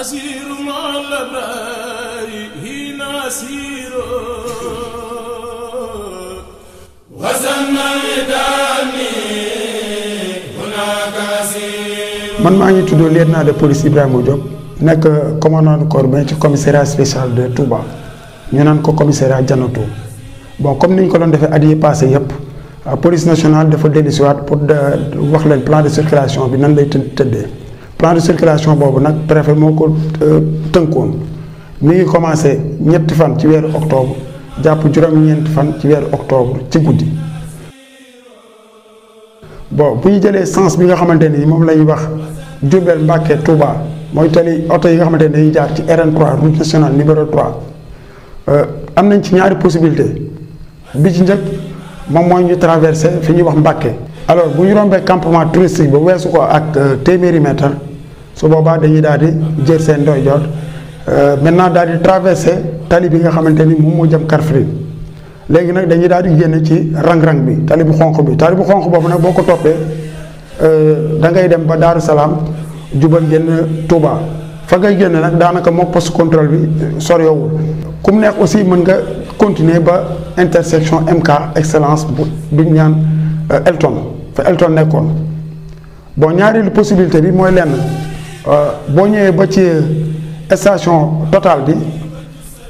أسير مع الأبرار هنا أسير وسمى لدامي هناك أسير man maa ngi tudd lieutenant de police Ibrahima Diop nekk commandant de corps ba ci commissariat spécial de Touba ñu naan ko commissariat Janatou bon comme ni ñu ko doon defee at yi passé yëpp police nationale dafa dellusiwaat pour wax leen plan de circulation bi nan lay tëddee. plan de circulation boobu nag préfet moo ko euh, tënkoon mu ngi commencé ñetti fan ci weeru octobre jàpp juróom ñeent fan ci weeru octobre ci guddi bon bu ñu jëlee sens bi nga xamante ni moom la ñuy wax Diourbel Mbacké Touba mooy tali oto yi nga xamante ni dañuy jaar ci RN3 route nationale numéro 3 euh, am nañ ci ñaari possibilité bi ci njëkk moom mooy ñu traversé fi ñu wax Mbacké alors bu ñu rombee campement touristique ba weesu ko ak euh, téeméeri mètre su boobaa dañuy daal di jël seen doy jot euh, maintenant daal di traversé tali bi nga xamante ni moom moo jëm Kaffrine léegi nag dañuy daal di génn ci rang-rang bi tali bu xonq bi tali bu xonq boobu nag boo ko toppee euh, da ngay dem ba Daaru Salaam jubal génn Touba fa ngay génn nag daanaka moo post contrôle bi soriwul ku mu neex aussi mën nga continuer ba intersection MK excellence bu duñ ñaan euh, Elton fa Elton nekkoon boo ñaareelu possibilité bi mooy lenn Euh, boo ñëwee ba ci station Total bi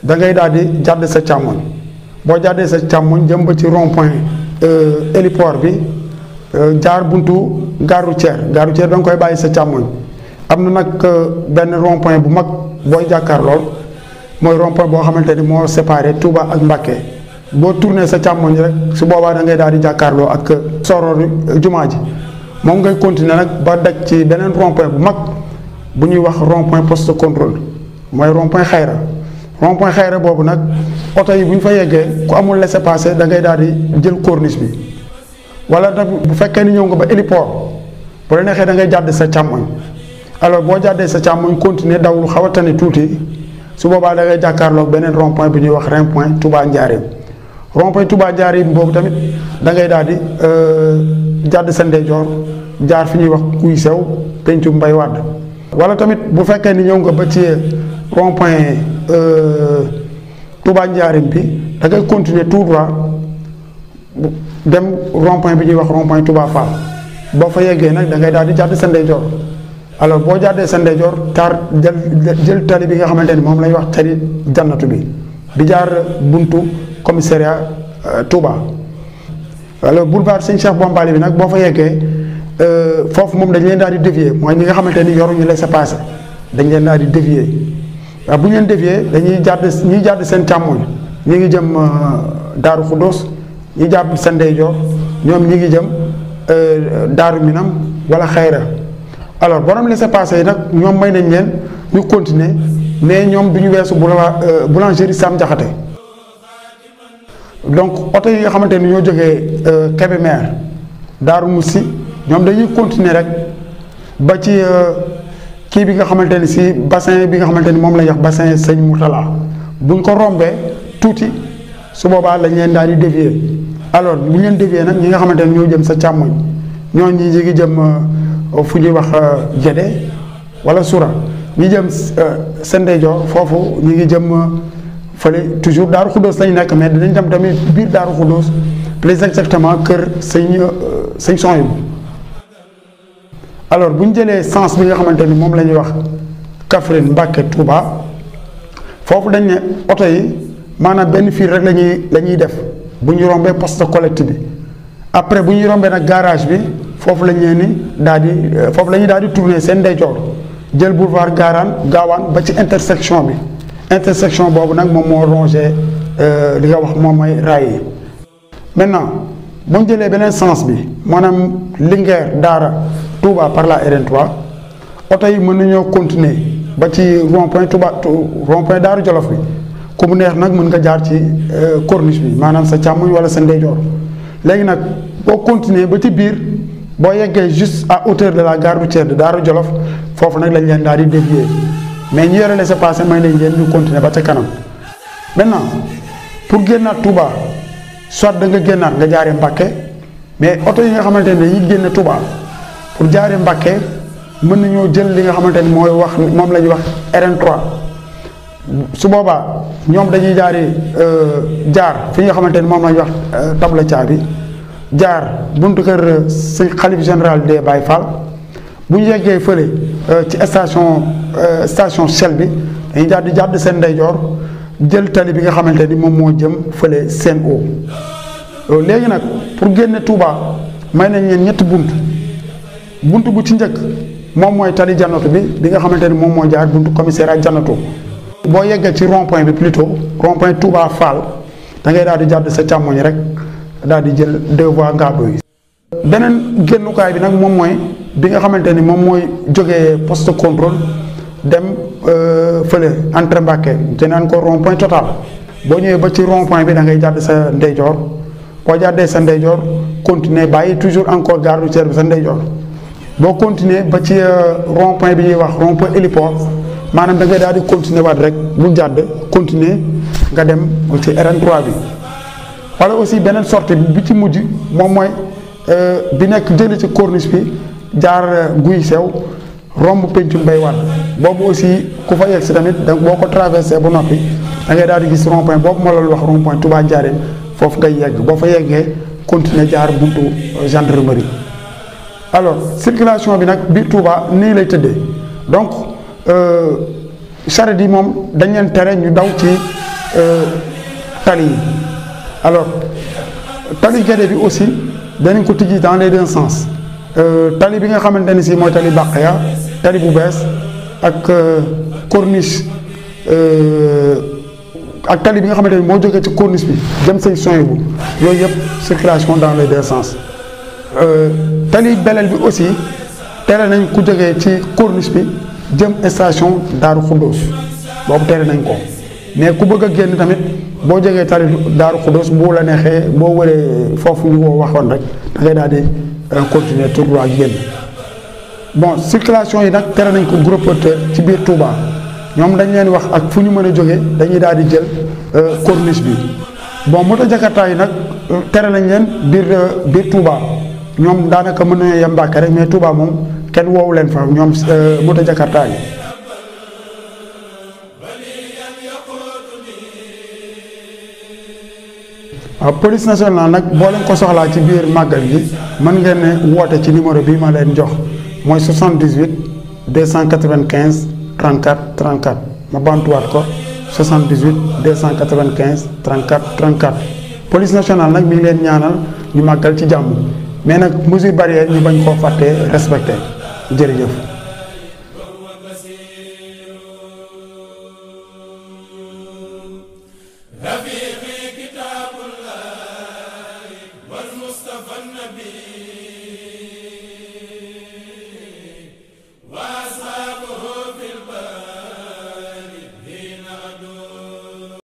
da ngay daal di jàdd sa càmmoñ boo jàddee sa càmmoñ jëm ba ci rond point euh, héliport bi euh, jaar buntu gare routière gare routière da nga koy bàyyi sa càmmoñ am na nag benn rond bu mag booy jàkkaar lool mooy rond boo xamante ni moo séparé Touba ak Mbacké boo tourné sa càmmoñ rek su boobaa da ngay daal di jàkkaarloo ak soroor jumaa ji moom ngay continuer nag ba daj ci beneen rond bu mag bu ñuy wax rond point poste de mooy rond xayra rond point xayra boobu nag oto yi bu ñu fa yeggee ku amul laissez-passer da ngay daal di jël corniche bi wala nag bu fekkee ni ñëw nga ba héliport bu la neexee da ngay jàdd sa càmmoñ alors boo jàddee sa càmmoñ continuer daw lu xaw a tuuti su boobaa da ngay jàkkaarloog beneen rond point bu ñuy wax rond point Touba Ndiarème tubaa point Touba boobu tamit da ngay daal di euh, jàdd sa ndeyjoor jaar fi ñuy wax kuy sew pencu mbay wàdd wala tamit bu fekkee ni ñëw nga ba ci rond point euh, Touba Njaarim bi da ngay continuer tout droit dem rond bi ñuy wax rond point Touba boo fa yeggee nag dangay ngay daal di jàdd sa ndeyjoor alors boo jàddee sa ndeyjoor taar jël jël tali bi nga xamante ni moom lañ wax tali jannatu bi di jaar buntu commissariat euh, Touba alors boulevard Sëñ Cheikh Bombali bi nag boo fa yeggee. Euh, foofu moom dañ leen daal di dévier mooy ñi nga xamante ni yoruñu laissez-passer dañ leen daal di dévier waaw bu ñu leen dévier dañuy jàdd ñuy jàdd seen càmmoñ ñi ngi jëm euh, Daaru Xuddoos ñi jàdd seen ndeyjoor ñoom ñi ngi jëm euh, Daaru Minam wala Xayra alors borom laissez-passer yi nag ñoom may nañ leen ñu continuer mais ñoom du ñu weesu boulangerie Sam Jaxate donc oto yi nga xamante ni ñoo jógee Kébémer Daaru Moussi ñoom dañuy continuer rek ba ci euh, kii bi nga xamante ni si bassin bi nga xamante ni moom lañ ñu wax bassin sëñ Mourtala buñ ko rombee tuuti su boobaa lañ leen daal di dévier alors bu ñu leen nag ñi nga xamante ne ñoo jëm sa càmmoñ ñoo ñi ngi jëm euh, fu ñuy wax euh, Gédé walla Soura ñi jëm sa ndeyjoor foofu ñi ngi jëm fële toujours Daaru Xuddoos lañ nekk mais dinañ dem tamit biir Daaru Xuddoos plus exactement kër sëñ sëñ Sohaybu alors bu ñu jëlee sens bi nga xamante ni moom la ñuy wax Kaffrine Mbacke Touba foofu dañ ne oto yi maanaam benn fiir rek la ñuy la ñuy def bu ñu rombee poste collecte bi après bu ñuy rombee nag garage bi foofu la ñuy ni daal di euh, foofu la ñuy daal di tourner seen ndeyjoor jël boulevard Gaaraan Gaawaan ba ci intersection bi intersection boobu nag moom moo rongé euh, li nga wax moom mooy raay yi maintenant. bu jëlee beneen sens bi maanaam Linguère Daara Touba par la RN3 oto yi mën nañoo continuer ba ci rond point Touba rond point Daaru Jolof bi ku mu neex nag mën nga jaar ci euh, corniche bi maanaam sa càmmoñ wala sa ndeyjoor léegi nag boo continuer ba ci biir boo yeggee juste à hauteur de la gare de Daaru Jolof foofu nag lañ leen daal di dévier mais ñu yore laissez-passer may nañ leen ñu continuer ba ca kanam maintenant pour génnaat Touba. soit da nga génnaat nga jaare Mbàkke mais oto yi nga xamante ne yi génne Touba pour jaare Mbàkke mën nañoo jël li nga xamante ni mooy wax moom la ñuy wax RN3 su boobaa ñoom dañuy jaari euh, jaar fi nga xamante ni moom la ñuy wax euh, tabla caa bi jaar buntu kër euh, si xalif général des Baye Fall bu ñu yeggee fële ci station station Shell bi dañuy jaar di jàdd seen ndeyjoor. jël tali bi nga xamante ni moom moo jëm fële seen o léegi nag pour génne Touba may na leen ñetti bunt bunt bu ci njëkk moom mooy tali jannatu bi bi nga xamante ni moom mooy jaar bunt buntu ak jannatu boo yeggee ci rond point bi plutôt rond point Touba Fall da ngay daal di jàdd sa càmmoñ rek daal di jël deux voies ngaabo yi. beneen génnukaay bi nag moom mooy bi nga xamante ni moom mooy jóge post contrôle. dem euh, fële entre Mbàkke te naan ko rond point total boo ñëwee ba ci rond bi da ngay jàdd sa ndeyjoor boo jàddee sa ndeyjoor continuer bàyyi toujours encore gare routière bi sa ndeyjoor boo continuer ba ci euh, rond point bi ñuy wax rond point héliport maanaam da ngay daal di continuer waat rek bul jàdd continuer nga dem ci RN3 bi wala aussi beneen sorti bi bi ci mujj moom mooy euh, bi nekk jëli ci corniche bi jaar guy sew romb péncu mbay waat boobu aussi ku fa yegg si tamit da boo ko traversé ba noppi da daal di gis rond point boobu ma la wax rond point Touba foofu ngay yegg boo fa yeggee continuer jaar buntu euh, gendarmerie. alors circulation bi nag biir Touba nii lay tëddee donc euh, charrette yi moom dañ leen tere ñu daw ci euh, tali yi alors tali Guédé bi aussi danañ ko tijji dans les deux sens tali bi nga xamante ni si mooy tali Bakhya tali bu bees. ak euh, corniche euh, ak tali bi nga xamante ni moo jógee ci corniche bi jëm sëñ soin bu yooyu yëpp circulation dans les deux sens euh, tali beleel bi aussi tere nañ ku jógee ci corniche bi jëm station Daaru Xuddoos boobu tere nañ ko mais ku bëgg a génn tamit boo jógee tali Daaru Xuddoos boo la neexee boo wëree foofu ñu ko waxoon rek da ngay daal di continuer tout droit génn bon circulation yi nag tere nañ ko gros porteur ci biir Touba ñoom dañ leen wax ak fu ñu mën a jógee dañuy daal di jël euh, corniche bi bon moto jakarta yi nag euh, tere nañ leen biir euh, biir Touba ñoom daanaka mën nañoo yem rek mais Touba moom kenn woowu leen fa ñoom moto jakarta yi. waaw police nationale nag boo leen ko soxlaa ci biir màggal gi mën ngeen ne woote ci numéro bi ma leen jox. mooy 78 295 34 34 ma bantuwaat ko 78 295 34 34. police nationale nag mi ngi leen ñaanal ñu màggal ci jàmm mais nag mesure barrière ñu bañ koo fàttee respecté jërëjëf.